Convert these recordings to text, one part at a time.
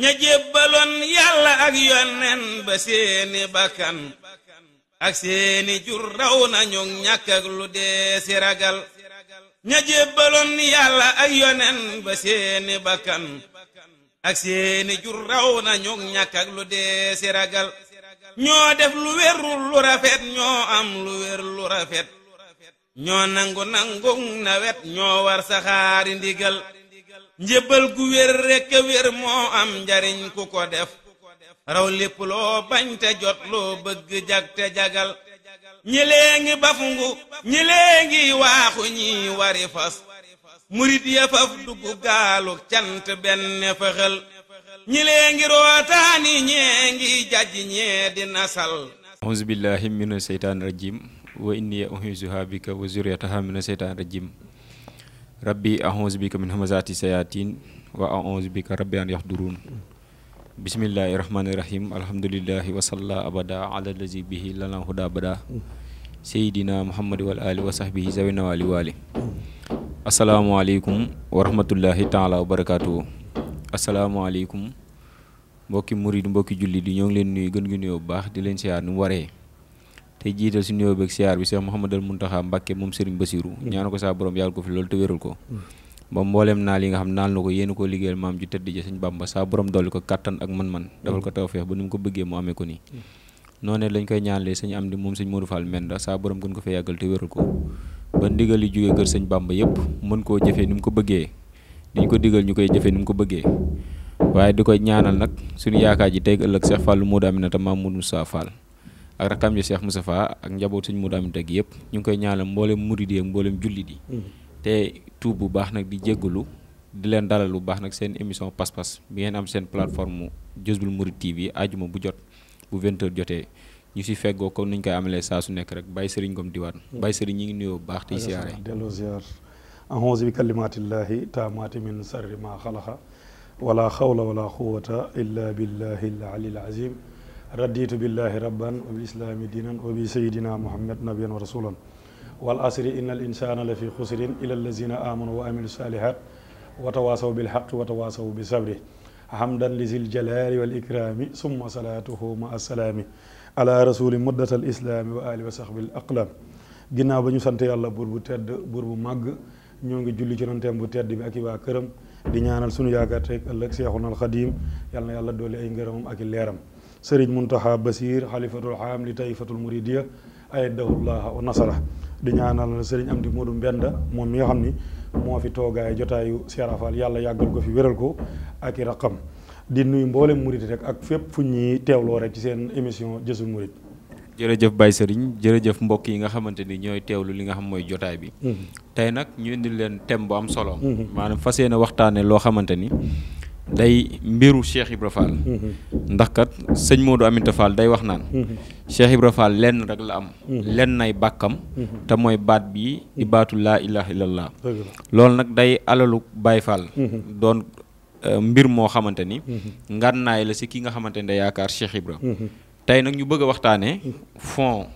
ña jébbaloon yàlla ak yonnen ba seeni bakkan ak seeni jur raw nañu ñàkk ak lu dee si ragal ña jébbaloon yàlla ak yonen ba seeni bakkan ak seeni jur raw nañu ñàkk ak lu dee si ragal ñoo def lu wérul lu rafet ñoo am lu wér lu rafet ñoo nangu nangu na ñoo war saxaari ndigal njëbal gu wér rekk wér moo am njariñ ku ko def raw lépp loo bañ te jot loo bëgg jag te jagal ñi léegi bafungu ñi léegi waaxu ñi wari fas murit ya dugg gaalu cant benn fëxal ñi léegi rootaani ñee ngi jaj ñee di nasal auzu billahi mina seytaan rajim wa inni uhizuha bika wa zuriyataha mina seytaan rajim rabbi ahonse bika min hamazati sayatin wa ahonse bika rabbi an yahdurun bismillahi rahmani rahim alhamdulillahi wasalla abada ala bihi lana huda bada seydina muhammad wal ali wa sahbihi zawina wali wali asalaamaaleykum wa rahmatullahi taala wa barakatuhu asalaamaaleykum mbokki murid mbokki julli di ñoo leen nuyu gën gi nuyoo bu baax di leen siyaar nu waree te jital suñu nuyoo beeg siar bi Cheikh al muntaha Mbacké moom Serigne basirou mm. ñaanu ko saa borom yàlla ko fi lol te wérul ko mm. ba mbooleem naal li nga xam naal nako ko yéen ko liggéeyal maam ju teddi je Sëñ bamba sa borom dolli ko katan ak man-man dafal ko mm. tawfeex bu nim ko bëggee mu amé ko ni noné lañ koy ñaanlee Sëñ Amdi moom Sëñ Modou Fall Menda sa borom gën ko fi yagal te wérul ko ba ndigal li jógee kër Sëñ bamba yépp mën ko jëfé nim ko bëggee diñ ko digal ñukoy jëfé nim ko bëggee waye di ñaanal nak suñu yaaka ji tegg ëlëk Cheikh Fallou Modou Aminata Mamoudou ak rakam ji Cheikh Moustapha ak njaboot suñ mu daamit ak yëpp ñu ngi koy ñaanal mboolem murid yi ak mboolem jullit yi mm-hmm. te tuub bu baax nag di jéggalu di leen dalal bu baax nag seen émission pas-pas bi ngeen am seen plateforme Jazboul Mouride TV ajuma bu jot bu 20h jotee ñu si feggoo ko nuñ koy amalee saa su nekk rek Baye Serigne Ngom Diwane mm-hmm. Baye Serigne ñi ngi nuyoo bu baax tey siyaare delloo ziar ahonse bi kalimatillahi taamaati min sarri ma xalaxa wala xawla wala quwata illa billahi al alil azim رديت بالله ربا وبالإسلام دينا وبسيدنا محمد نبيا ورسولا والأسر إن الإنسان لفي خسر إلى الذين آمنوا وعملوا الصالحات وتواصوا بالحق وتواصوا بالصبر حمدا لذي الجلال والإكرام ثم صلاته مع السلام على رسول مدة الإسلام وآله وصحبه الأقلام جنا ba ñu sant بور بو تيد بور بو ماغ نيوغي جولي ngi julli ci yonenteem bu tedd bi ak i waa këram di الله sunu yaakaar يالنا يالله دولي اي xadiim اكي ليرام serigne muntaha basir khalifatul haam li taifatul ayyadahu allah wa nasara di ñaanal serigne am di mbenda mom mi xamni mo fi togaay jotaayu sirafal yalla yagal ko fi wëral ko ak raqam di nuyu mboolem murid rek ak fépp fu ñi tewlo rek ci seen émission murid jërëjëf bay Serigne jërëjëf mbokk yi nga xamanteni ni tewlu li nga xam moy jotaay bi mm-hmm. tay nak ñu indi leen thème bu am solo manam mm-hmm. waxtane lo xamanteni ni day mbiru Cheikh Ibra mm-hmm. ndax kat sëñ Modou Aminta Fall day wax naan mm-hmm. Cheikh Ibra lenn rek la am mm-hmm. lenn ay bàkkam te mooy baat bi di baatu laa ilaha illallah loolu nag day alalu Baye Fall doon eh, mbir moo xamante ni ngànnaay la si ki nga xamante ni day yaakaar Cheikh Ibra tey nag ñu bëgg a waxtaanee fond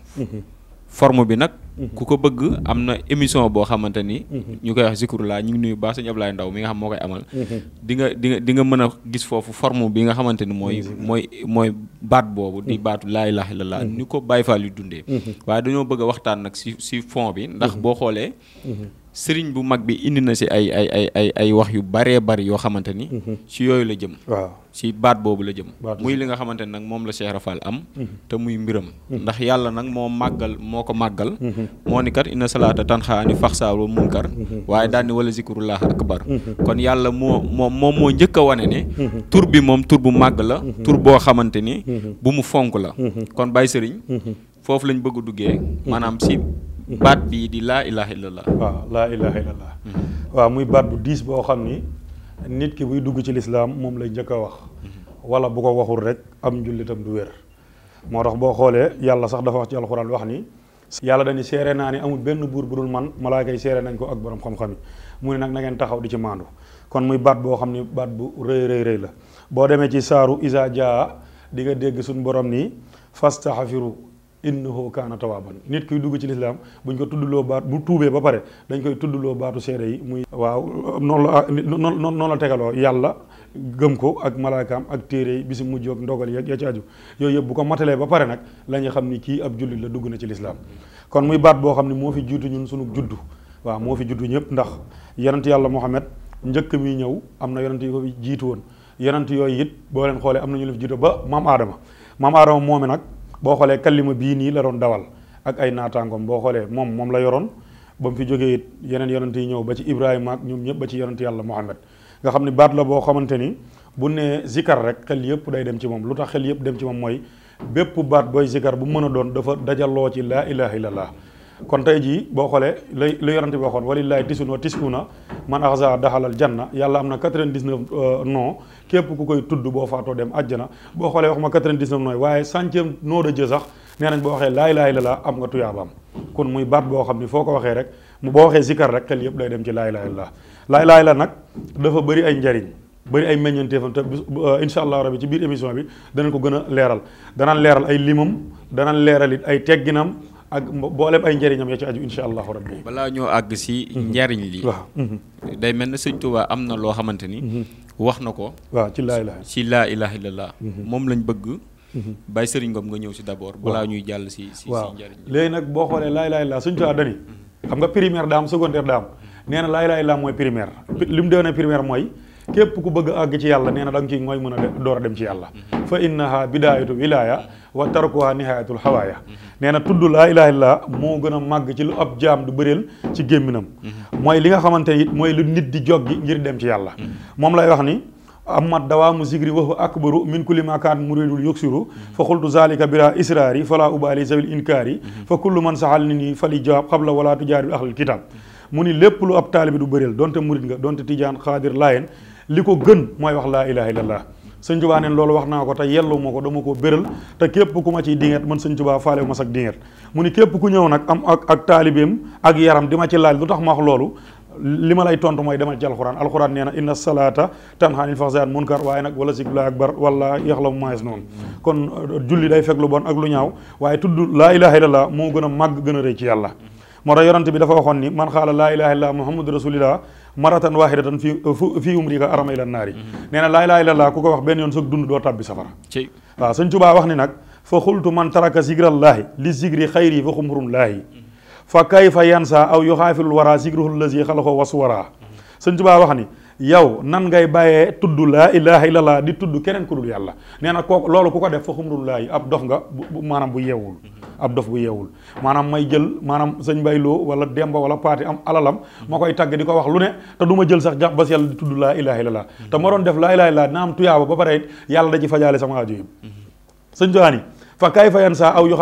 forme bi nag mhm. ku ko bëgg am na émission boo xamante ni mhm. ñu koy wax Zikroulah ñu ngi nuyu baax sëñ Ablaye Ndaw mi nga xam moo koy amal mhm. di nga di nga di nga mën a gis foofu forme bi nga xamante ni mooy mooy mooy baat boobu di baatu laa la laa ni ko Baay faa yu dundee waaye dañoo bëgg a waxtaan nag si si fond bi ndax boo xoolee sëriñ bu mag bi indi na si ay ay ay ay ay wax yu baree bari yoo xamante ni. si mhm. yooyu la jëm. waaw si baat boobu la jëm. muy li nga xamante ni nag moom la Cheikh Rafal am. Mhm. te muy mbiram. Mhm. ndax yàlla nag moo màggal moo ko màggal. moo ni kat inna salaata tanxaani faxsaa wa munkar. waaye daal ni wala zikrullah akbar. kon yàlla moo moom moom moo njëkk a wane ne. tur bi moom tur bu màgg la. tur boo xamante ni. bu mu fonk la. kon bàyyi sëriñ. foofu lañu bëgg a duggee. maanaam si. Hmm. bat bi di la ilaha illallah wa ah, la ilaha illallah wa hmm. ah, muy bat bu 10 bo xamni nit ki buy dugg ci l'islam mom lay jëk wax hmm. wala bu ko waxul rek am julitam du wër mo tax bo xolé yalla sax dafa wax ci alquran wax ni yalla dañu séré naa amul benn bur bu man malaika yi nañ ko ak borom xam-xam mu ne nak na ngeen taxaw di ci mandu kon muy bat bo xamni bat bu reey reey reey la bo démé ci saru isa jaa di nga dégg sun borom ni fastahfiru innahu kaana tawaaban nit kuy dugg ci lislaam buñ ko tuddloo baat bu tuubee ba pare dañ koy tuddloo baatu seede yi muy waaw noonu la ah, noonu noonu la tegaloo yàlla gëm ko ak malaakaam ak téeree yi bisi mujj ak ndogal yeeg ya ci aju yooyu yëpp bu ko matalee ba pare nag la ñu xam ni kii ab jullit la dugg na ci lislaam kon muy baat boo xam ne moo fi jiitu ñun sunu juddu waaw moo fi juddu ñëpp ndax yonent yàlla Muhammad njëkk mi ñëw am na yonent yu ko jiitu woon yonent yooyu it boo leen xoolee am na ñu leen fi jiitu ba maam Adama maam Adama nag boo xoolee kallima bii nii la doon dawal ak ay naataangoom boo xoolee moom moom la yoroon ba mu fi jógee it yeneen yonent yi ñëw ba ci Ibrahima ak ñoom ñëpp ba ci yonent yàlla Muhammad nga xam ne baat la boo xamante ni bu nee zikar rek xel yëpp day dem ci moom lu tax xel yëpp dem ci moom mooy bépp baat booy zikar bu mën a doon dafa dajaloo ci laa ilaha illallah kon tey jii boo xoolee lay lu yonante bi waxoon walillahi tisun wa tisuna man axsa daxalal janna yàlla am na 99 euh, non képp ku koy tudd boo faatoo dem na boo xoolee wax ma 99 nooy waaye centième noo de jë sax nee nañ boo waxee laay laay la la am nga tuyaabaam kon muy baat boo xam ni foo ko waxee rek mu boo waxee zikar rek xel yëpp day dem ci laay laay la laay laay la nag dafa bëri ay njariñ bëri ay meññanteefam te euh, incha allah rabi ci biir émission bi danañ ko gën a leeral danañ leeral ay limam danañ leeral it ay tegginam ak mboolem ay njëriñam ya ci aju incha allahu rabbi balaa ñoo àgg si mhm. njariñ li waaw mhm. day mel ne sëñ Tuubaa am na loo xamante ni mhm. wax na ko waaw ci laa ilaha ci laa ilaha moom lañ bëgg bàyyi sëriñ Ngom nga ñëw si d'abord balaa ñuy jàll si si waaw njariñ léegi nag boo xoolee laa ilaha illallah suñ Tuubaa dani xam nga primaire daam secondaire daam nee laa ilaha illallah mooy primaire li mu doonee primaire mooy képp ku bëgg àgg ci yàlla nee na da nga ciy mooy mën a door a dem ci yàlla fa innaha bidaayatu wilaaya wa tarkuha nihayatul hawaaya nee na tudd laa ilaha illaa moo gën a màgg ci lu ab jaam du bëreel ci gémminam mooy li nga xamante it mooy lu nit di joggi ngir dem ci yàlla moom lay wax ni amma dawaamu zikri waxu akbaru min kulli ma kaan muridul yuksiru fa xultu zalika bila israari fala ubaali zawil inkaari fa kullu man saxal ni nii fali jawaab xabla wala tujaaril ahlil kitab mu ni lépp lu ab taalibi du bëreel donte murid nga donte tijaan xaadir laayeen li ko gën mooy wax laa ilaha illallah sëñ Tubaa neen loolu wax naa ko te yellu ma ko dama ko béral te képp ku ma ciy dinget man sëñ Tubaa faale wu ma ni képp ku ñëw nag am ak ak taalibeem ak yaram di ma ci laaj lu tax ma loolu li ma lay tontu mooy demal ci alxuraan alxuraan nee na inna salaata tanhaanil faxsaan munkar waaye nag wala zikrullaahi akbar wala yaxlamu maa yasnuun kon uh, julli day fekk lu bon ak lu ñaaw waaye tudd laa ilaha illallah moo gën a màgg gën a rëy ci yàlla moo tax yonante bi dafa waxoon ni man xaala laa ilaha illallah muhammadu rasulillah maratan wahidatan fi fii umrika arama ila naari nee na laa ilaaha illallah ku ko wax benn yoon sag dund doo tàbbi safara waaw sëñ Tuubaa wax ni nag fa xultu man taraka zigrallaahi li zigri xayri fa xumrum laahi fa kayfa yansa aw yuxaafilul wara zigruhu lazi xalaxoo wasu wara sëñ Tuubaa wax ni yow nan ngay bàyyee tudd laa ilaha laa di tudd keneen ku dul yàlla nee na kooku loolu ku ko def fa xumrum laahi ab dof nga bu bu yeewul ab dof bu yeewul maanaam may jël maanaam sëñ bayloo wala demba wala paati am alalam ma koy tagg di ko wax lu ne te du ma jël sax jàpp bas yàlla di tudd laa ilaha illallah te ma doon def laa ilaha illallah dina am tuyaaba ba pare yàlla da ci fajaale sama aajo yi sëñ Joani fa kayfa yansa aw yu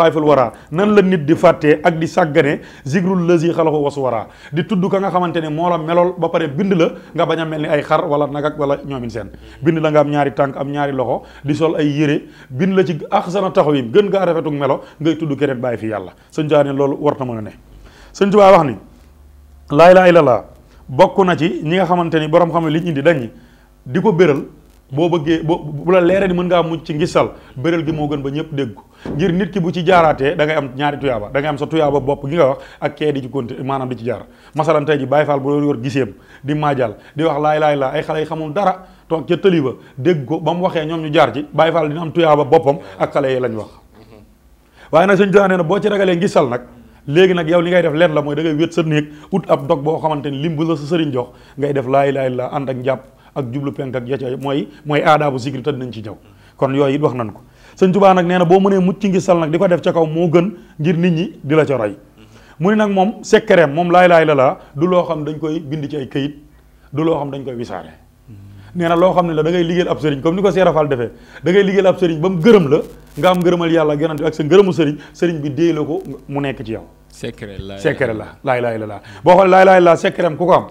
nan la nit di ag ak di sàggane zigrul lësi khalaqa waswara wara di tuddu ka nga xamantene mo la melol ba pare bind la nga baña melni ay xar wala ak wala ñoomin sen bind la nga am ñaari tank am ñaari loxo di sol ay yére bind la ci akhsana taxawim gën nga rafetuk melo ngay tuddu kene bàyyi fi yalla señ jani ne warta mëna a ne sëñ Tuubaa wax ni la ilaha illallah bokku na ci ñi nga xamantene borom xam li ñu indi dañ di ko boo bëggee boo bu la leeree ni mën ngaa mucc ci ngisal bëréel gi moo gën ba ñëpp dégg ko ngir nit ki bu ci jaaraatee da ngay am ñaari tuyaaba da ngay am sa tuyaaba bopp gi nga wax ak kee di ci konti maanaam di ci jaar masalan tey ji Baye Fall bu loolu laay laay laa ay xale yi xamul dara toog ca tëli ba ko ba mu waxee ñoom ñu jaar ci Baye Fall dina am tuyaaba boppam ak xale yi lañ wax waaye nag sëñ nee na boo ci ragalee ngisal nag léegi nag yow li ngay def leen la mooy da ngay wét sa néeg ut ab dog boo xamante ni lim bu la sa sëriñ jox ngay def laay laay laa ànd ak njàpp ak djublu penk ak jaca moy moy adabu zikri tan nañ ci jaw kon yoy it wax nañ ko sëñ touba nak neena bo boo mënee mucc ngi sal nak diko def ca kaw mo gën ngir nit ñi di la ca roy mu ne nag moom sekkereem moom laay laay la laa du lo xam dañ koy bind ci ay keuyit du lo xam dañ koy wisare neena lo xam ne la da ngay liggéeyal ab serigne comme niko ko seerafal defé da ngay liggéeyal ab serigne bam mu la nga am gërëmal yalla gënant ak sa ngërëmu serigne serigne bi déey ko mu nekk ci yow secret la secret la laay laay la laa boo xoolee laay laay la am ku ko am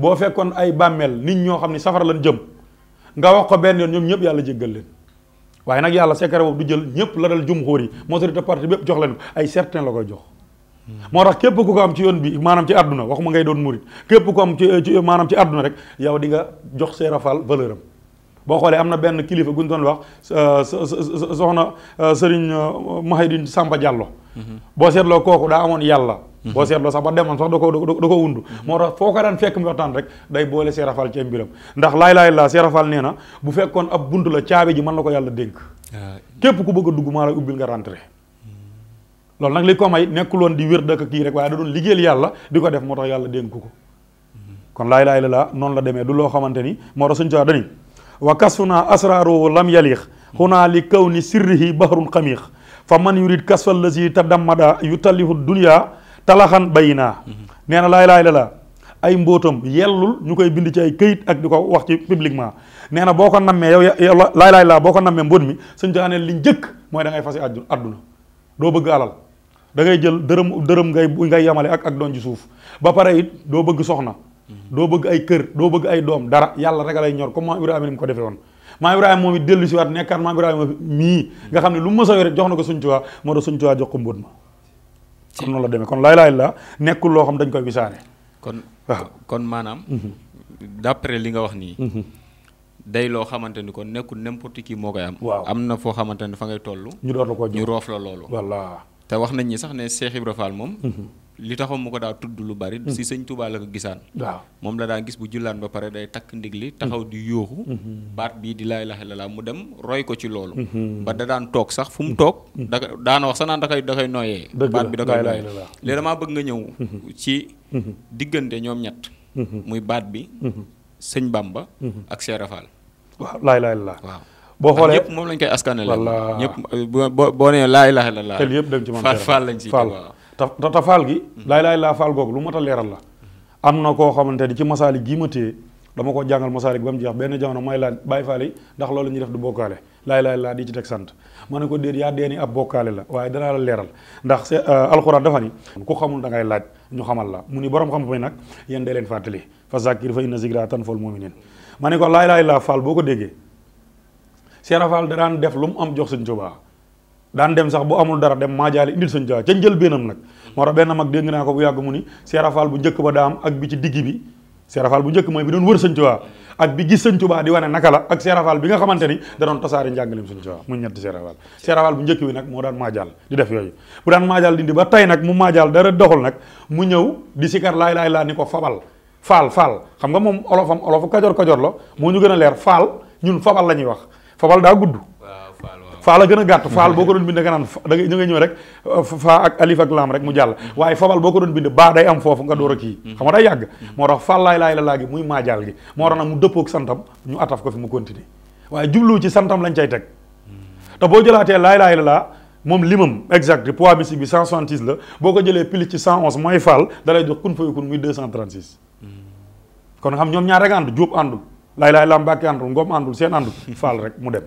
boo fekkoon ay bàmmeel nit ñoo xam ne safara lañ jëm nga wax ko benn yoon ñoom ñëpp yàlla jéggal leen waaye nag yàlla secret boobu du jël ñëpp la dal jumhur yi majorité parti bépp jox leen ay certain la koy jox moo tax képp ku ko am ci yoon bi maanaam ci àdduna waxuma ngay doon murit képp ko am ci maanam ci àdduna rek yow di nga jox Seera Fall valeur boo xoolee am na benn kilifa gu ñu doon wax soxna Serigne Mahidine Samba Diallo boo seetloo kooku daa amoon yàlla boo seetloo sax ba demoon sax da ko da ko wund mhm. moo tax foo ko daan fekk mu waxtaan rek day boole seerafal ci mbiram ndax laay laay laa seerafal nee na bu fekkoon ab bunt la caabi ji man na ko yàlla dénk ah. képp ku bëgg a dugg maa lay ubbil nga rentré hmm. loolu nag li ko may nekkul woon di wér dëkk kii rek waaye da doon liggéeyal yàlla di ko def moo tax yàlla dénk ko hmm. kon laay laay laa noonu la demee du loo xamante ni moo tax suñ caa dani wa kasuna asraaru lam yaliix xunaa li kaw ni fa man yurid kasfal la si tadammada yu tallihu dunya talaxan bayinaa nee na laay laay la laa ay mbóotam yellul ñu koy bind ci ay këyit ak di ko wax ci publiquement nee na boo ko nammee yow yow laay laay laa boo ko nammee mbóot mi suñ taxanee li njëkk mooy da ngay fase àddu àdduna doo bëgg alal da ngay jël dërëm dërëm ngay ngay yamale ak ak doon ci suuf ba pare it doo bëgg soxna doo bëgg ay kër doo bëgg ay doom dara yàlla rek lay ñor comme Ibrahima ni mu ko defee maam Ibrahima moom it dellu si waat nekkaat maam Ibrahima mii nga xam ne lu mu mës a jox na ko suñ tuwaa moo tax suñ tuwaa jox ko mbóot ma kon noonu la demee kon laay la nekkul loo xam dañ koy wisaare kon kon maanaam mhm. d'après li nga wax nii mhm. day loo xamante ni kon nekkul n'importe qui moo koy am waaw am na foo xamante ni fa ngay tollu ñu door la ko ñu roof la loolu walla te wax nañ ñi sax ne Cheikh Ibra Fall moom mhm. li taxoon mu ko daa tudd lu bari. Hmm. si sëñ Touba la ko gisaan. waaw moom la daa gis bu jullaan ba pare day takk ndigli taxaw di yooxu hmm. hmm. baat bii di laa ilaaha illallaah mu dem roy ko ci loolu. ba da toog sax fu mu toog. da daana wax sax naan da koy da koy nooyee. baat bi da koy nooyee léegi bëgg nga ñëw. diggante ñoom ñett. muy baat bi. sëñ Bamba. ak Cheikh Rafal. waaw laa ilaaha illallaah boo xoolee ñëpp moom lañ koy askanale. ñëpp boo boo nee laa ilaaha illallaah. xel yëpp dem ci moom Faal lañ ci. te te faal gi. laay laay laa faal googu lu mot a leeral la. am na koo xamante ni ci masaalik gii ma téye dama ko jàngal masaalik ba mu jeex benn jamono may laaj bàyyi faal yi ndax loolu ñuy def du bokkaale laay laay laa di ci teg sant ma ne ko déet yaa dee ni ab bokkaale la waaye danaa la leeral ndax euh, alxuraan dafa ni ku xamul dangay laaj ñu xamal la mu ni borom xam may nag yéen day leen fàttali fa zakkir fa inna zikra tanfa'ul mu'minin ma ne ko laay laay laa faal boo ko déggee da daan def lu mu am jox Sëñ Tuubaa Dan dem sax bu amul dara dem majali indil sun jaa ca njël benam nak, mo tax benam ak dégg na ko bu yag mu ni seerafal bu njëkk ba daam ak bi ci digg bi seerafal bu njëkk moy bi don wër sun tuba ak bi gis sun tuba di wane nakala la ak seerafal bi nga xamanteni da don tosari njangalim sun tuba mu bu bi nak mo daan majal di def yooyu bu daan majal dindi ba tay nak mu majal dara doxul nak mu ñew di sikar laay laay laa niko fabal fal fal xam nga mom olofam olofu kajoor lo mo ñu gëna leer fal ñun fabal la wax fabal da guddu faa la gën faal boko doon bind nga nan da ngay ñëw rek faa ak alif ak lam rek mu jall waye fabal boko doon bind ba day am fofu nga door ak yi xam nga day yàgg tax faal laay laay la gi muy jall gi mo tax nag mu dëppoog santam ñu ataf ko fi mu continue waye jublu ci santam lañ cey tek ta bo jëlaté laay laay la mom limam exact poids mystique bi 166 la boko jëlé jëlee ci 111 moy faal da lay jox kun kun muy 236 kon xam ñom ñaar rek andu jóob andu laay laay laam bàkki andu ngom andu sen andu faal rek mu dem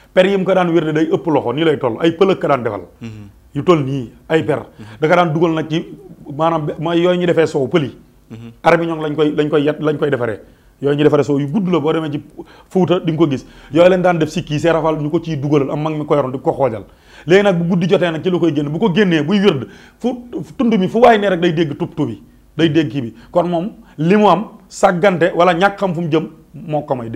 per yi mu ko daan wér day ëpp loxo nii lay toll ay pëlëk ka daan defal mhm. yu toll nii ay per mhm. da daan dugal nag ci maanaam ma yooyu ñu defee soow pëli mhm. armi ñoom lañ koy lañ koy yet lañ koy defaree yooyu ñu defaree soow yu gudd la boo demee ci fuuta di nga ko gis yooyu leen daan def sikki see rafal ñu ko ciy dugalal am mag mi ko yoroon di ko xoojal léegi nag bu guddi jotee nag ci la koy génn bu ko génnee buy wérd fu tund mi fu waay ne rek day dégg tub tubi day dégg kii kon moom li mu am sàggante wala ñàkk xam fu mu jëm moo ko may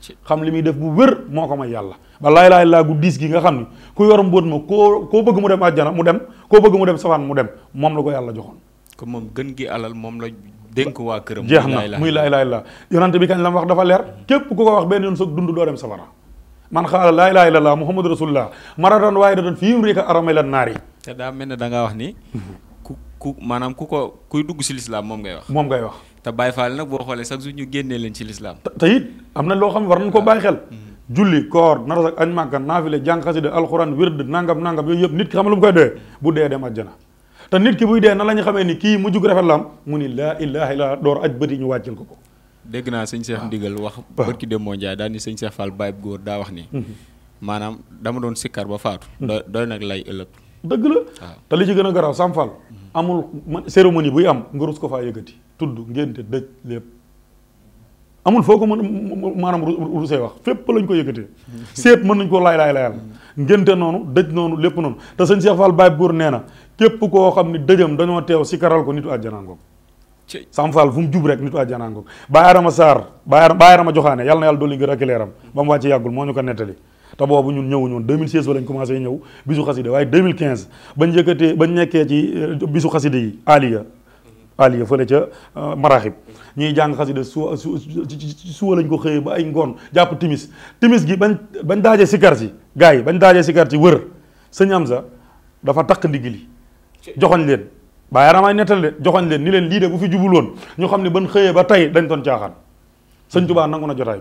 xam li muy def bu wër moo ko may yàlla ba la ilaaha illaa gu diis gi nga xam ni ku yor mbóot ma koo koo bëgg mu dem àjjana mu dem koo bëgg mu dem safaan mu dem moom la ko yàlla joxoon ko moom gën gi alal moom la dénk waa këram jeex na muy la ilaaha illaa yonent bi kañ la wax dafa leer képp ku ko wax benn yoon sa dund doo dem safara man xaala muhammad rasulullah maratan waaye da doon fii mu rika aramay la nari yi te da nga wax ni ku ku maanaam ku ko kuy dugg si lislaam moom ngay wax moom ngay wax te Baye Fall nag boo xoolee sax ñu génnee leen ci lislaam te it am na loo xam war nañ ko bàyyi xel mm-hmm. julli koor naras ak añ màkka naafile jàng xasida alxuraan wird nangam nangam yooyu yëpp nit ki xam lu mu koy doyee bu dee dem àjjana te nit ki buy dee na la ñu xamee ni kii mu jug rafet la am mu ni laa ilaha illa door aj bëti ñu wàccil ko ko dégg naa sëñ Cheikh ah. ndigal wax ah. bërki dem moo Ndiaye daal ni sëñ Cheikh Fall Baye góor daa wax ni mm-hmm. maanaam dama doon sikkar ba faatu mm-hmm. doy nag lay ëllëg dëgg la ah. te li ci gën a garaaw Sam Fall amul cérémonie buy am nga rus ko faa yëkkati tudd ngénte dëj lépp amul foo ko mën maanaam rusee wax fépp lañ ko yëkkatee seet mën nañ koo laay laay layal ngénte noonu dëj noonu lépp noonu te sëñ Cheikh Fall Baye Góor nee na képp koo xam ni dëjam dañoo teew si karal ko nitu àjjana ngoog Sam Fall fu mu jub rek nitu àjjana ngoog Baye Adama Sarr Baye Adama Joxaane yàlla na yàlla dolli ngir ak leeram ba mu wàcc yàggul moo ñu ko nettali te boobu ñun ñëw ñëwuñu woon 2016 ba lañ commencé ñëw bisu xasida waaye 2015 bañ yëkkatee bañ nekkee ci euh, bisu xasida yi aliya mm-hmm. aliya fële ca euh, maraxib ñuy jàng xasida su su suwa lañ ko xëyee ba ay ngoon jàpp timis timis gi bañ bañ daajee sikar si gars yi bañ daajee sikar si wër sëñ sa dafa takk ndigg li joxoñ leen baa yaramay nettal de joxoñ leen ni leen lii de bu fi jubuloon ñu xam ne bañ xëyee ba tey dañ doon caaxaan sëñ Tuubaa nangu na jotaay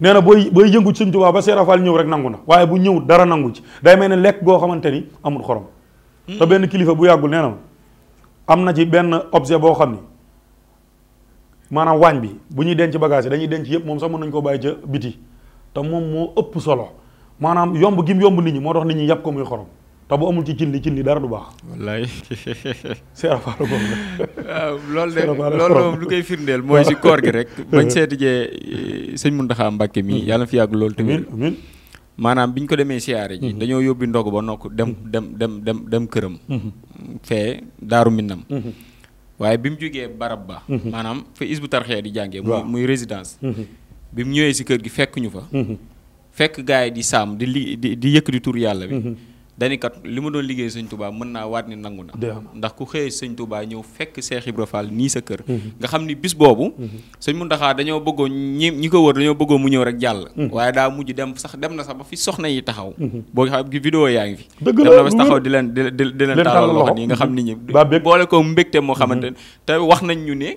nee na booy booy yëngu ci Sëñ ba Seera Faal ñëw rek nangu na waaye bu ñëw dara nangu ci day mel ne lekk goo xamante ni amul xorom te benn kilifa bu yàggul nee am na ci benn objet boo xam ni maanaam waañ bi bu ñuy denc bagage yi dañuy denc yëpp moom sax mën nañu koo bàyyi ca biti te moom moo ëpp solo maanaam yomb gim yomb nit ñi moo tax nit ñi yàpp ko muy xorom te bu amul ci cin li cin li dara du baax. wallaay. Serap Fall moom la. loolu de loolu moom lu koy firndeel mooy si koor gi rek. bañ seeti jee eh, sëñ Mountakha Mbacké mi yàlla fi yàgg loolu tamit. maanaam bi ñu ko demee siyaare ji. Mm-hmm. dañoo yóbbi ndog ba nokk dem mm-hmm. dem dem dem dem këram. Mm-hmm. fee Daaru Minam. waaye bi mu jógee barab ba. maanaam fa isbu tarxee di jàngee. muy muy résidence. bi mu ñëwee si kër gi fekk ñu fa. fekk gars di saam di li di yëkk di tur yàlla bi. dañu kat li ma doon liggéey sëñ Touba mën naa waat ni nangu na ndax ku xëyee sëñ tubaa ñëw fekk see Ibra Fall nii sa kër mhm. nga xam ni bis boobu mhm. sëñ Mountakha dañoo bëggoon ñi ñi ko wër dañoo bëggoon mu ñëw rek jàll mhm. waaye daa mujj dem sax dem na sax ba fi soxna yi taxaw boo xam gi vidéo yaa ngi fi dem na ba taxaw di leen di leen taalal loxo nii nga xam ni ñi boole ko mbégte moo xamante te wax nañ ñu ne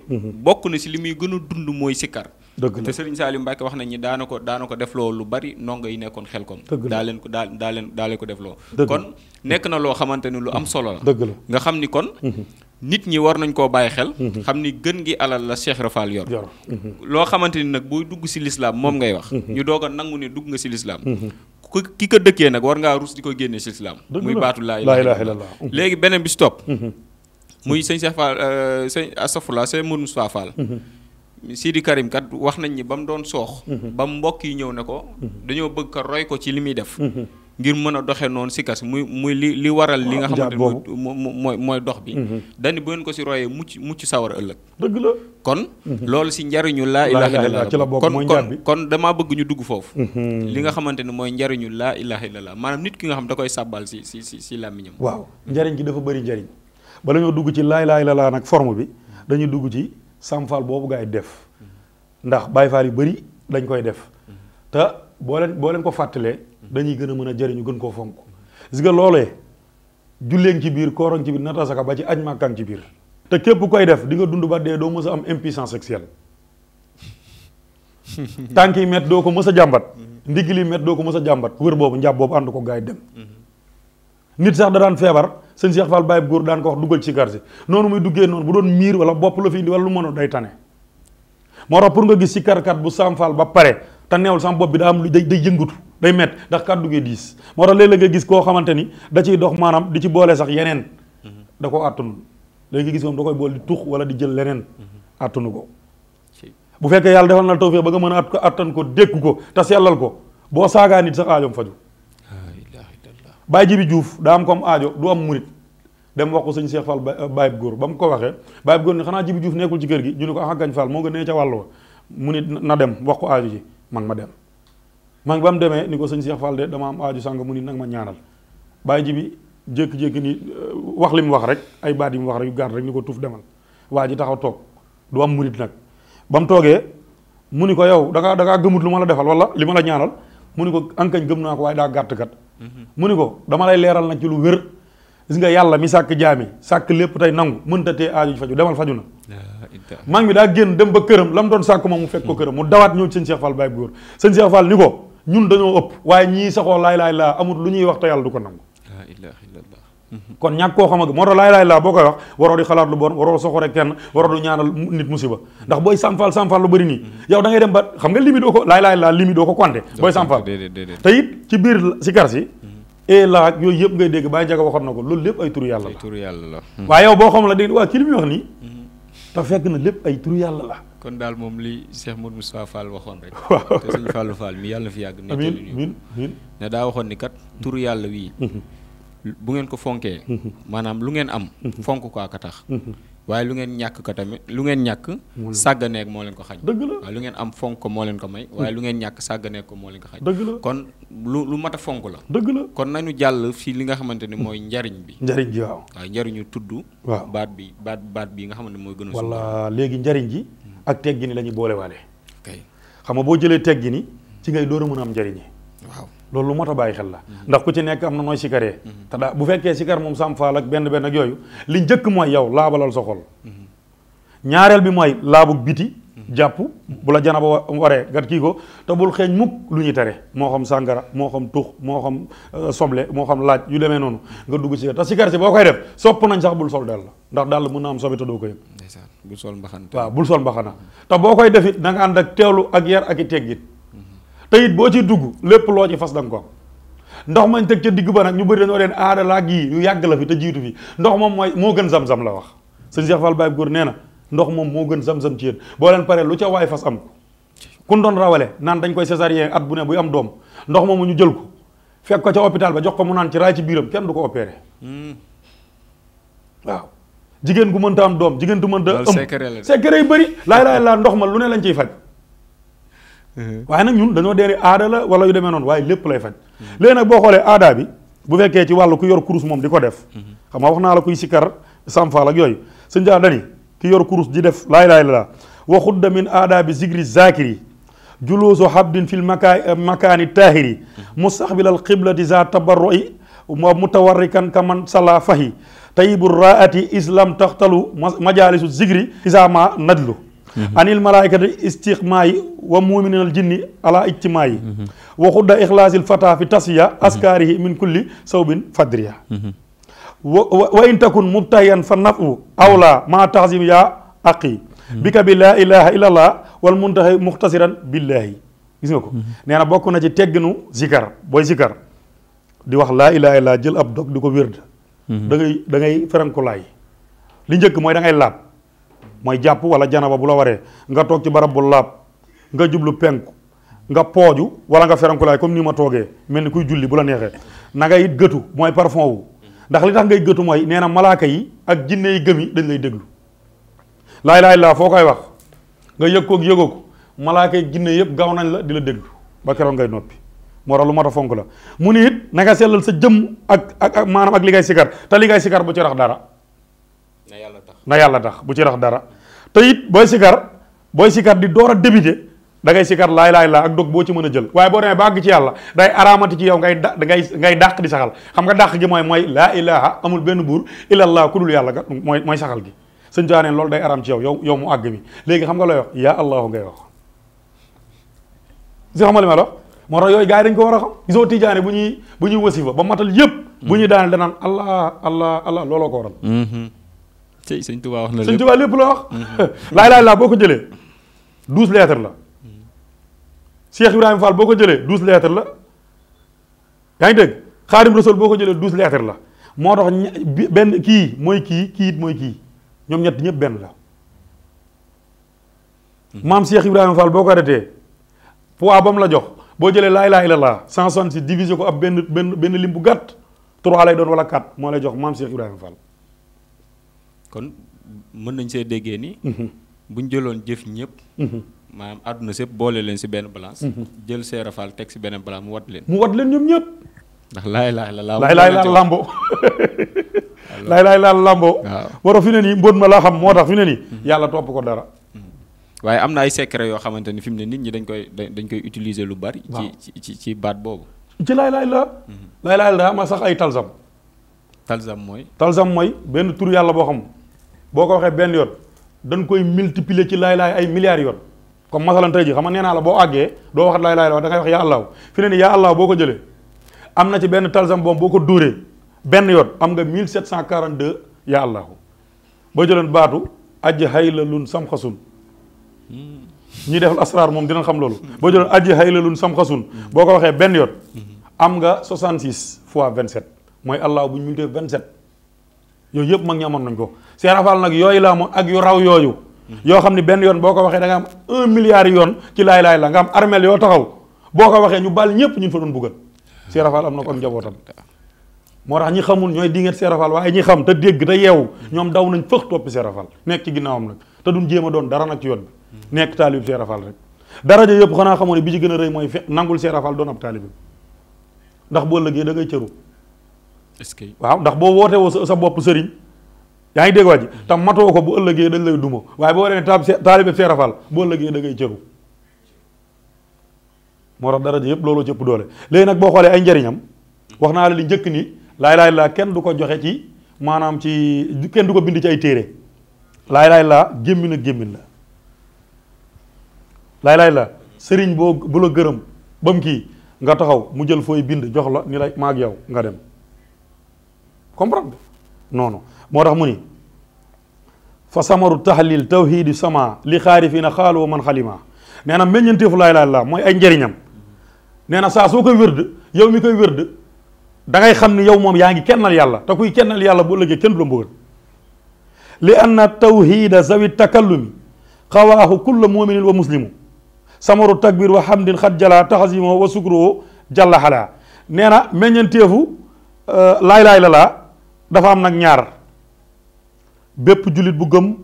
bokk na si li muy gën a dund mooy si sikkar dëgg la te Serigne Saliou Mbacke wax nañ ni daana ko daana ko defloo lu bari ndongo yi nekkoon xel kom daa leen ko daa daa leen daa ko defloo kon nekk na loo xamante ni lu am solo la dëgg la nga xam ni kon mhm. nit ñi war nañ koo bàyyi xel mhm. xam ni gën gi alal la Cheikh Rafal yor mhm. loo xamante ni nag booy dugg si lislaam moom ngay wax ñu doog a nangu ni dugg nga si lislaam ku ki ko dëkkee nag war ngaa rus di ko génne si lislaam muy baatu laay ilaaha illallaah léegi beneen bi si topp muy sëñ Cheikh Fall euh, sëñ Astafurlah sëñ Mourou Moustapha Fall Sidi Karim kat wax nañ ni bam doon soox mhm. bam mbokk yi ñëw ne ko mhm. dañoo bëgg ko roy ko ci li muy def mhm. ngir mën a doxe noonu si kas muy muy li li waral li nga dox bi dani bu ngeen ko mucc mucc sawar ëllëg dëgg la kon lol si njariñu la ilaha illallah kon kon kon dama bëgg ñu dugg foofu li nga xamante ne mooy njariñu ilaha illallah nit ki nga xam da koy si si si si làmmiñam waaw njariñ gi dafa bëri njariñ bala ñoo dugg ci laa ilaha illallah forme bi dañu dugg ci samfal bobu gay def ndax Baye Fall yu bëri dañ koy def te bo len bo len ko fatale dañuy gëna mëna mën a jëriñu gën ko fonk gis nga lolé julleen ci biir kooroon ci biir saka ba ci ci biir te képp koy def di nga dund ba dé do mësa am impuissance sexuelle tanki met do ko mësa jambat ndigli met do ko mësa jambat wër bobu bobu and ko gay dem nit sax da daan feebar sëñ Cheikh Fall Baye góor daan ko wax dugal ci garsi noonu muy duggee noonu bu doon miir wala bopp la fi indi wala lu mënoon day tane moo tax pour nga gis si karkat bu Sam Fall ba pare te neewul sam bopp bi daa am lu day yëngatu day mett ndax kàddu gi diis moo tax léeg-léeg nga gis koo xamante ni da ciy dox maanaam di ci boole sax yeneen da ko àttunu léegi nga gis moom da koy boole di tux wala di jël leneen àttunu ko bu fekkee yàlla defal na tawfeex ba nga mën a attan ko dékku ko te sellal ko boo saagaa nit sax aajom Baye Jibi Diouf da am ko am aajo du am mourid dem wax ko sëñ Cheikh Fall Baye góor bam ko waxe Baye góor ni xana Jibi Diouf nekul ci kër gi ñu ne ko ah Gagne Fall mo nga nee ci wàll mourid na dem wax ko aajo ji man ma dem man bam mu ni ko seigne Cheikh Fall de dama am aajo sang mourid nak ma ñaanal Baye Jibi jek jek ni euh, wax lim wax rek ay baat yi mu wax rek yu gar rek ni ko tuuf demal waji taxaw tok du am mourid nak bam toge yow da nga da nga gëmut lu defal wala li ñaanal mu ankañ gëm ko way da gatt kat mu ni ko dama lay leeral nag ci lu wér gis nga yàlla mi sàkk jaami sàkk lépp tey nangu mënta tee aaju faju demal faju na maa ngi daa génn dem ba këram la mu doon sàkk moom mu fekk ko këram mu dawaat ñëw ci sëñ Cheikh Fall Baye Góor sëñ Cheikh Fall ni ko ñun dañoo ëpp waaye ñii saxoo laay laay laa amul lu ñuy wax te yàlla du ko nangu kon ñàkk koo xam ak moo tax laay laay laa boo koy wax waroo di xalaat lu bon waroo soxore kenn waroo du ñaanal nit musiba ndax booy sàmfal sàmfal lu bëri nii yow da ngay dem ba xam nga limite doo ko laay laay laa limite doo ko compté booy sàmfal te it ci si kar si et là yëpp ngay dégg bàyyi njaga waxoon na ko loolu lépp ay turu yàlla la mm-hmm. waaye yow boo xam la dégg waa kii li mm-hmm. na lépp ay turu yàlla la kon daal moom li Cheikh Modou Moustapha Fall waxoon rek te sëñ Fallou Fall mi yàlla na fi yàgg ne daa waxoon ni kat turu yàlla wii mm-hmm. bu ngeen ko fonkee. Mm-hmm. maanaam lu ngeen am. Mm-hmm. fonk ko ak tax. Mm-hmm. waaye lu ngeen ñàkk ko tamit lu ngeen ñàkk. sàgganeeg moo leen ko xañ. dëgg lu ngeen am fonk moo leen ko may. waaye lu ngeen ñàkk sàgganeeg ko moo leen ko xañ. dëgg la kon lu lu mat a fonk la. dëgg la kon nañu jàll fii li nga xamante ni mooy njariñ bi. njariñ ji waaw. waaw njariñu tudd. baat bi baat baat bi nga xamante ne mooy. gën a walla léegi njariñ ji. Mm. ak teggini la ñu boolewaale. kay xam nga boo jëlee teggini ci ngay door a mën am njariñ loolu lu mot bàyyi xel la ndax ku ci nekk am na nooy sikaree te daa bu fekkee sikar moom sàmm faal ak benn benn ak yooyu li njëkk mooy yow laabalal sa xol ñaareel bi mooy laabu biti jàpp bu la janaba waree gat kii ko te bul xeeñ mukk lu ñuy tere moo xam sàngara moo xam tux moo xam euh, soble moo xam laaj yu demee noonu nga dugg si te sikar si boo koy def sopp nañ sax bul sol la ndax dàll mun na am sobe te doo ko yëg waaw bul sol mbaxana te boo koy defit na ànd ak teewlu ak yar ak i tayit bo ci dugg lepp lo ci fas dang ko ndox mañ tek ci digg ba nak ñu bari dañu leen aara laa gii yu yàgg la fi te jitu fi ndox mom moy mo gën zam-zam la wax seigne Cheikh Fall Baye Gour neena ndox mom mo gën zam-zam ci yeen bo leen paré lu ca way fas am ko ndon rawale naan dañ koy césarien at bu ne bu am dom ndox mom ñu jël ko fekk ko ci hôpital ba jox ko mu nan ci ray ci biiram kenn du ko opéré hmm. waaw jigen gu ta am dom jigen du mënta ëmb secret yu bëri laay laay ndox ma lu ne lañ ciy fajj waaye nag ñun dañoo deeri aada la wala yu demee noonu waaye lépp lay faj léegi nag boo xoolee aada bi bu fekkee ci wàllu ku yor kurus moom di ko def xam nga wax naa la kuy sikkar samfaal ak yooyu sëñ jaa dani ki yor kurus di def laay laay la waxudda min aada bi zikri zakiri juluusu habdin fi lmakaa makaani taahiri mustaqbil al qiblati za tabarroi mutawarrikan kaman sala fahi tayibu raati islam taxtalu majalisu zikri isama nadlu Mm-hmm. anil malaikati istiqmaayi wa muminal jinni ala mm-hmm. wa xudda ixlaasil fata fi tasiya mm-hmm. askaarihi min kulli sawbin fadriya wa in takun mubtahiyan fa nafu awla ma taxsim yaa aqi bika bi laa ilaha illa wal muntahi muxtasiran billahi gis nga ko nee na bokk na ci tegginu zikar booy zikar di wax laa ilaha illa jël ab dog di ko wérd da ngay da ferankulaay li njëkk mooy dangay ngay laab mooy jàpp wala janaba bu la waree nga toog ci barab bu laab nga jublu penku nga pooju wala nga ferankulaay comme ni ma toogee mel ni kuy julli bu la neexee na ngay gëtu mooy parfum wu ndax li tax ngay gëtu mooy nee na malaaka yi ak jinne yi gëm dañ lay déglu laay laay laa foo koy wax nga yëg koog yëgoo ko malaaka yi jinne yëpp gaaw nañ la di la déglu ba keroog ngay noppi moo tax lu mat fonk la mu ni it na nga sellal sa jëm ak ak maanaam ak li ngay sikar te li ngay sikar bu ci rax dara na yàlla tax bu ci rax dara te it booy sikar booy sikar di door a débuté da ngay sikar laay laay laa ak dog boo ci mën a jël waaye boo demee ba àgg ci yàlla day araamati ci yow ngay da ngay ngay dàq di saxal xam nga dàq gi mooy mooy laa ilaha amul benn buur illallah ku dul yàlla ga mooy mooy saxal gi sëñ Tuubaa nee loolu day araam ci yow yow yow mu àgg mi léegi xam nga looy wax yaa allahu nga wax si xamal ma la moo tax yooyu gars yi dañ ko war a xam gisoo tijaane bu ñuy bu ñuy wasifa ba matal yëpp bu ñuy daaneel danaan allah allah tey sëñ Touba na lépp sëñ Touba lépp la wax. Mhm. laa ilaaha illallaah boo ko jëlee douze lettres la. Mhm. Cheikh Ibrahima Fall boo ko jëlee douze lettres la. yaa ngi dégg Xaadim Rasul boo ko jëlee douze lettres la moo tax benn kii mooy kii kii it mooy kii ñoom ñett ñëpp benn la. Mhm. maam Cheikh Ibrahima Fall boo ko arrêté poids ba mu la jox boo jëlee laay laa ilaaha laa cent soixante-six divisé ko ab benn benn benn lim bu gàtt trois lay doon wala quatre moo lay jox maam Cheikh Ibrahima Fall. kon mën nañ see déggee ni. Mhm. bu ñu jëloon jëf ñëpp. maanaam mhm. àdduna sépp boole leen si benn balance. Mhm. jël Seera Fall teg si benn balance mu wat leen. mu wat leen ñoom ñëpp. ndax laay laay la laay laay la lambo laay laay la lambo. waaw waroo fi ne nii mbóot ma laa xam moo tax yàlla topp ko dara. waaye am na ay secret yoo xamante ni fi mu ne nit ñi dañ koy dañ koy utiliser lu bari. ci ci baat boobu. ci laay laay la. laay laay la daa sax ay talzam. talzam mooy. talzam mooy benn tur yàlla boo xam. boo ko waxee benn yoon dañ koy multiplier ci laay laay ay milliards yoon comme masalan tey ji xam nga naa la boo àggee doo wax laay laay la wax da ngay wax yaa allaahu fi ne ni yaa allaahu boo jëlee am na ci benn talsam boobu boo ko dóoree benn yoon am nga 1742 yaa allaahu boo jëloon baatu ajj hay la lun sam xasun ñi defal asrar moom dinañ xam loolu boo jëloon aj hay la lun sam xasun boo ko waxee benn yoon am nga 66 fois 27 mooy allaahu bu ñu multiplier 27 yooyu yëpp mag ñi nañ ko Cheikh Rafal nag yooyu la amoon ak yu raw yooyu yoo xam ne benn yoon boo ko waxee da nga am un milliard yoon ci laay laay la nga am armel yoo taxaw boo ko waxee ñu bal ñëpp ñun fa doon buggal Cheikh Rafal am na ko ak njabootam moo tax ñi xamul ñooy dinget Cheikh Rafal waaye ñi xam te dégg te yeewu ñoom daw nañ fëx toppi Cheikh Rafal nekk ci ginnaawam nag te duñ jéema doon dara nag ci yoon bi nekk taalib Cheikh Rafal rek daraja yëpp xanaa xamoon ne bi ci gën a rëy mooy nangul Cheikh Rafal doon ab bi ndax bu ëllëgee da ngay cëru est-ce que waaw ndax boo wootee woo sa bopp sëriñ yaa ngi dégg waa tam matoo ko bu ëllëgee dañ lay duma waaye boo demee se Seex Faal bu ëllëgee da ngay cëru moo tax daraja yëpp looloo ci doole léegi nag boo xoolee ay wax naa la li njëkk ni laay laay laa kenn du ko joxe ci maanaam ci kenn du ko bind ci ay téere laay laay laa gémmina ak gémmin la laay laay laa sëriñ boo bu la gërëm ba mu nga taxaw mu jël fooy bind jox la ni la maag yow nga dem comprendre non moo tax muni fa samaru tahlil tawhid sama li khalu wa man khalima nena na meññanteefu laa ilaaha illallaah moy ay njariñam nee sa so soo koy wérd yow mi koy wérd da ngay xamni yow mom yaangi kennal yàlla ta kuy kennal yàlla bo legge kenn du mbugal li anna tawhid zawi takallum xawaaxu kullu muminin wa muslimu samaru takbir wa hamdin xat jala tahzimu wa sukru jalla hala nee na meññanteefu laay laay la dafa am nag ñaar bépp jullit bu gëm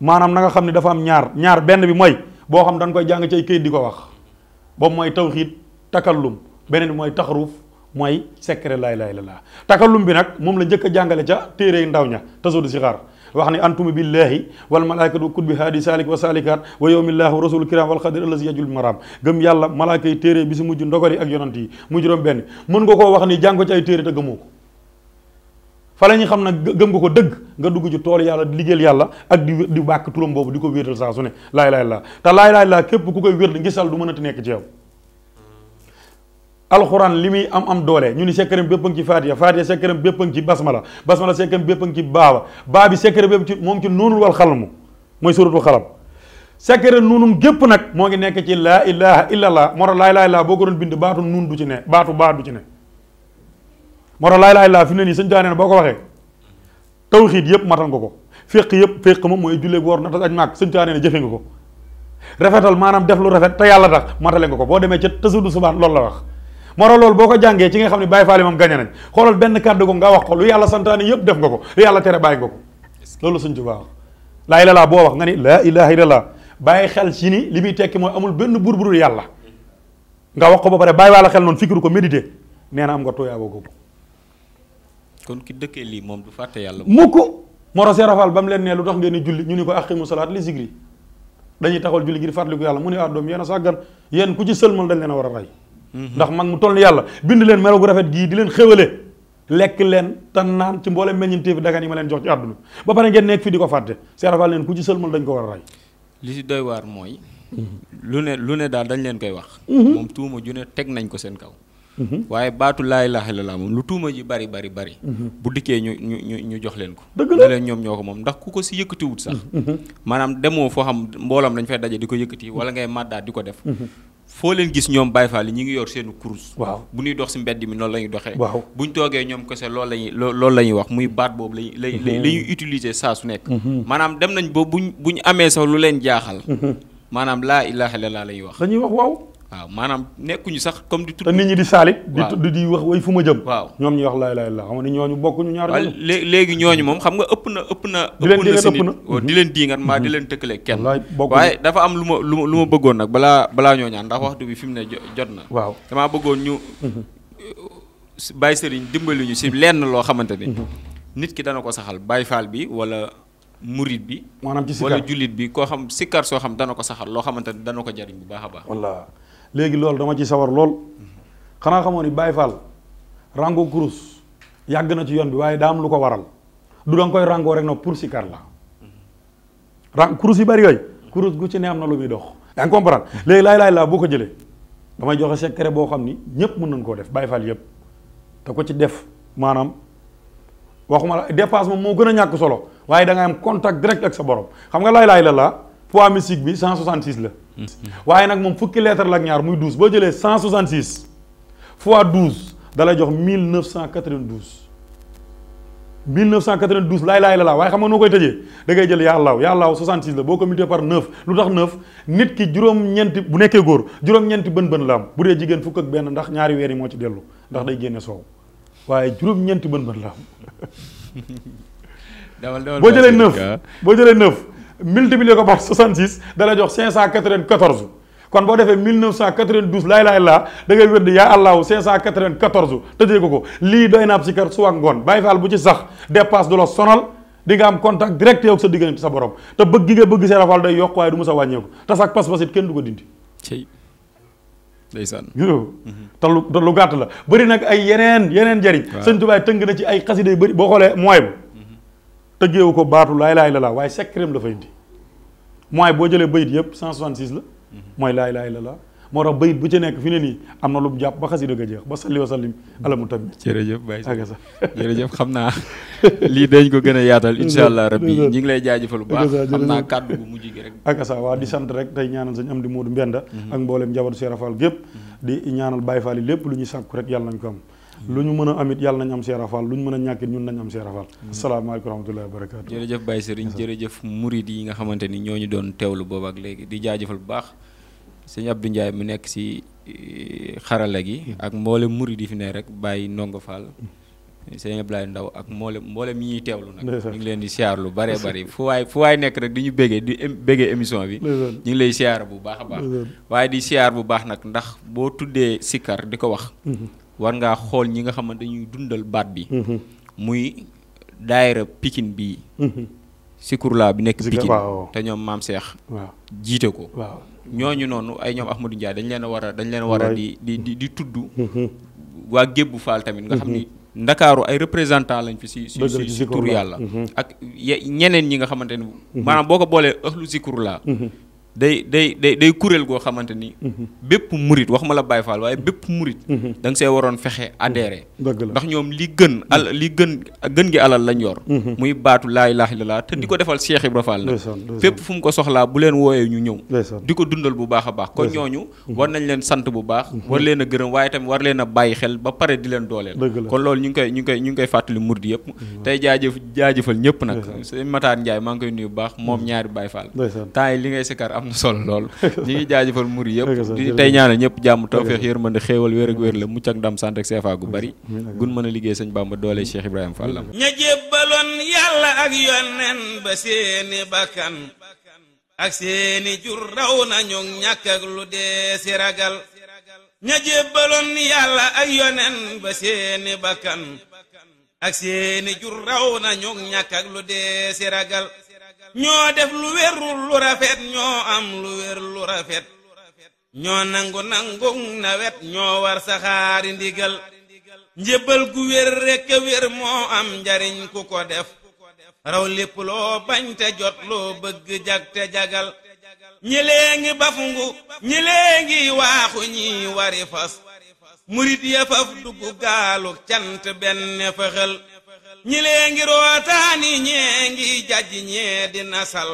maanaam na nga xam ne dafa am ñaar ñaar benn bi mooy boo xam dañ koy jàng ci ay këyit di ko wax boobu mooy tawxiid takallum beneen bi mooy taxaruuf mooy secret laa ilaaha illallaah takallum bi nag moom la jëkk jàngale ca téere yu ndaw ña tasoodu si xaar wax ni antumi billahi wal malaaykat wa kutbi haadi saalik wa saalikat wa yowmillahi wa rasul kiram wal xadir allazi yajul maram gëm yàlla malaaka yi téere bi si mujj ndogori ak yonant yi mu juróom benn mën nga koo wax ni jàng ko ci ay téere te ko fa la ñu xam nag gëm nga ko dëgg nga dugg ci tool yàlla di liggéeyal yàlla ak di di bàkk turam boobu di ko wéetal saa su ne laa ilaaha illallaah laa ilaaha illallaah képp ku koy wéetal ngisal du mënati nekk ci yow alxuraan li muy am am doole ñu ni sekkaram bépp a ngi ci faatiya faatiya sekkaram bépp a ngi a ngi ci baaba baa bi sekkaram bépp ci moom ci nuunul wal xalmu mooy suratul xalam sekkare nuunum nag moo ngi nekk ci laa ilaaha illallaah moo laa ilaaha boo ko doon bind baatu nuun du ci ne baatu baa du ci ne moo tax laa ilaaha illallaah fi mu ne nii sëñ Tuubaa nee na boo ko waxee tawxiid matal nga ko féq yëpp féq moom mooy jullee woor natt ak naag sëñ Tuubaa nee na jëfe nga ko rafetal maanaam def lu rafet te yàlla tax matale nga ko boo demee ca tësudu subaan loolu la wax moo tax loolu boo ko jàngee ci nga xam ne Baay Faal moom gañe nañ xoolal benn kàddu ko nga wax ko lu yàlla santaane yëpp def nga ko lu yàlla tere bàyyi nga ko loolu sëñ Tuubaa wax wax nga ni laa ilaaha illallaah bàyyi xel ci ni li muy tekki mooy amul benn bu dul yàlla wax ko ba pare bàyyi wàlla xel noonu fikiru ko méditer nee na nga tooyaa boo ko kon ki dëkkee li mom du faté yalla muko Moro Serafal bam mu leen ne lu tax ngeen julli ñu ni ko akhimu salat li zikri dañuy taxol julli ngir ko yalla mu ni adom ah yena sagal a ku ci sëlmal dañ leena wara ray mhm. ndax man mu tollu yalla bind leen melo gu rafet gi di leen xewele lek leen te naan ci mboolem meññeenteef dagan yi ma leen jox ci aduna ba pare ngeen nek fi diko ko Serafal leen ku ci dañ ko war ray li ci doy war moy mhm. lu ne lu ne dal dañ leen koy wax. mom mhm. tuuma ju ne tek nañ ko sen kaw waaye baatu laa ilaaha illallaah moom lu tuuma ji bari bari bari mhm. bu dikkee ñu ñu ñu ñu jox leen ko ne leen ñoom ñoo ko moom ndax ku ko si yëkkati wut sax mhm. Mhm. maanaam demoo foo xam mboolam dañ fay daje di ko yëkkati wala ngay màddaat di ko def foo leen gis ñoom Baye Fall ñi ngi yor seenu kurus waaw bu ñuy dox si mbedd mi noonu la ñuy doxee waaw bu ñu toogee ñoom kese loolu la ñuy loolu la ñuy wax muy baat boobu lañu la la ñuy utiliser saa su nekk maanaam dem nañ ba buñ bu ñu amee sax lu leen jaaxal maanaam laa ilaaha illallaah la ñuy wax la ñuy wax waaw waaw maanaam nekkuñu sax comme di tudd nit ñi di saalit di di wax way fu ma jëm waaw ñoom ñuy wax la ilaha illallah xam ni ñooñu ñu ñaar ñu léegi ñooñu moom xam nga ëpp na ëpp na ëpp na di leen oh, di ngat ma di mm-hmm. leen tëkkale kenn waaye dafa am lu ma lu ma lu ma bëggoon nag balaa balaa ñoo ñaan ndax waxtu bi fi mu ne jot na waaw damaa bëggoon ñu bàyyi mm-hmm. sëriñ dimbali ñu si lenn loo xamante ni mm-hmm. nit ki dana ko saxal bàyyi faal bi wala murid bi wala julit bi koo xam sikar soo xam dana ko saxal loo xamante ni dana ko jariñ bu baax a baax léegi loolu dama ci sawar lool xanaa xamoo ni Baye Fall rango kurus yàgg na ci yoon bi waaye daa am lu ko waral du danga koy rangoo rek na pour si kar la rang kurus yu bari yooyu kurus gu ci ne am na lu muy dox yaa ngi léegi laay laay laa boo ko jëlee damay joxe secret boo xam ni ñëpp mën nañ koo def Baye Fall yëpp te ko ci def maanaam waxuma la dépasse moom moo gën a ñàkk solo waaye da am contact direct ak sa borom xam nga laay laay la la poids mystique bi 166 la waaye nag moom fukki lettre la ak ñaar muy douze boo jëlee cent soixante six fois douze dalay jox mille neuf cent quatre vingt douze mille neuf cent quatre vingt douze laay laay la laa waaye xam nga noo koy tëjee da jël yàllaaw yàllaaw soixante six la boo ko multiplié par neuf lu tax neuf nit ki juróom-ñeenti bu nekkee góor juróom-ñeenti bën bën la am bu dee jigéen fukk ak benn ndax ñaari weer moo ci dellu ndax day génne soow waaye juróom-ñeenti bën bën la am. dawal dawal boo boo jëlee neuf. multiplier ko par 66 dala jox 594 kon boo defee 1992 laay laay laa da ngay wér di yaa allahu 594 tëjee ko ko lii doy na ab sikar su ak ngoon bàyyi faal bu ci sax dépasse du la sonal di am contact direct yow sa diggante sa borom te bëgg gi nga bëgg see rafal day yokk waaye du mu sa wàññeeku te sax pas it kenn du ko dindi. Mhm. te lu te lu gàtt la bëri n ay yeneen yeneen njariñ. waaw sëñ Tuubaa tënk na ay xasida boo xoolee mooy bu tëggeewu ko baatu laay laay la laa waaye secret la fay indi mooy boo jëlee bayit yëpp 166 la mooy laay laay la laa moo tax bayit bu ci nekk fi ne nii am na lu mu jàpp ba xasida ga jeex ba salli wa sallim ala mu tamit jërëjëf Baye Serigne sax jërëjëf xam naa lii dañ ko gën a yaatal insha allah ñi ngi lay jaajëfal bu baax xam naa kàddu bu mujj gi rek akasa waa di sant rek tey ñaanal sañ am di Moodu Mbenda mhm. ak mbooleem njabootu Serafal gépp mhm. di ñaanal Baye Fall yi lépp lu ñuy sàkku rek yàlla nañ ko am lu ñu mën a amit yàlla nañ am Cheikh Fall lu ñu mën a ñàkkit ñun nañ am Cheikh Fall mm. asalaamaaleykum rahmatullahi wa barakatu jërëjëf Baye Serigne jërëjëf murid yi nga xamante ni ñoo ñu doon teewlu boobu ak léegi di jaajëfal bu baax sëñ Abdou Ndiaye mi nekk si eh, xarala gi mm. ak mboolem murid yi fi ne rek Baye Ndongo Fall mm. sëñ Ablaye Ndaw ak mboolem mboolem yi ñuy teewlu nag ñu ngi leen di siyaar lu bare bare waay fu waay nekk rek di ñu béggee di béggee émission bi ñu ngi lay siyaar bu baax a baax waaye di siyaar bu baax nag ndax boo tuddee sikkar di ko wax mm-hmm. war ngaa xool ñi nga xamante ñuy dundal baat bi mhm. muy daayira pikin bii mhm. sikurlaa bi nekk pikin te ñoom maam seex jiite ko ñooñu noonu ay ñoom Ahmadou Ndiaye dañ leen a war dañ leen war a di di di di tudd mhm. waa Gébbu Faal tamit nga xam ni ndakaaru ay représentant lañ fi si si si tur yàlla ak ñeneen ñi nga xamante ni maanaam boo ko boolee ëxlu sikurlaa day day day day kuréel goo xamante ni. Mhm. bépp murit wax ma la Baye Fall waaye bépp murit. Mhm. da nga see waroon fexe adhéré. Mhm. ndax ñoom li gën al li gën gën gi alal lañ yor. muy baatu laax ilaaha illallaah te di ko defal Cheikh Ibra Fall la. fépp fu mu ko soxlaa bu leen wooyee ñu ñëw. di ko dundal bu baax a baax. kon ñooñu war nañ leen sant bu baax. war leen a gërëm waaye tamit war leen a bàyyi xel ba pare di leen dooleel. kon loolu ñu ngi koy ñu ngi koy ñu ngi koy fàttali murit yëpp. tey jaajëf jaajëfal ñëpp nag. sëñ Matar Ndiaye maa ngi koy nuyu bu baax moom ñaari Baye Fall am na solo lool ñi ngi jaajëfal mur yëpp di tey ñaanal ñëpp jàmm ma yërmande xéewal wér ak wér la mucc ak ndam sant ak seefaa gu bari gun mën a liggéey sëñ Bamba doole Cheikh Ibrahima Fall ña jébbaloon yàlla ak yonnen ba seeni bakkan ak seeni ña jébbaloon yàlla ak yonnen ba seeni bakkan ak seeni jur raw nañu ñàkk ak lu dee ragal ñoo def lu wér lu rafet ñoo am lu wér lu rafet ñoo nangu nangu nawet ñoo war saxaari ndigal njëbbal gu wér rekk wér moo am njariñ ku ko def raw lépp loo bañ te jot loo bëgg jag te jagal ñi léegi bafungu ñi léegi waaxu ñi wari fas murit ya dugg gaaluk cant benn fëxal ñi lee ngi rootaani ñee ngi jajj ñee di nasal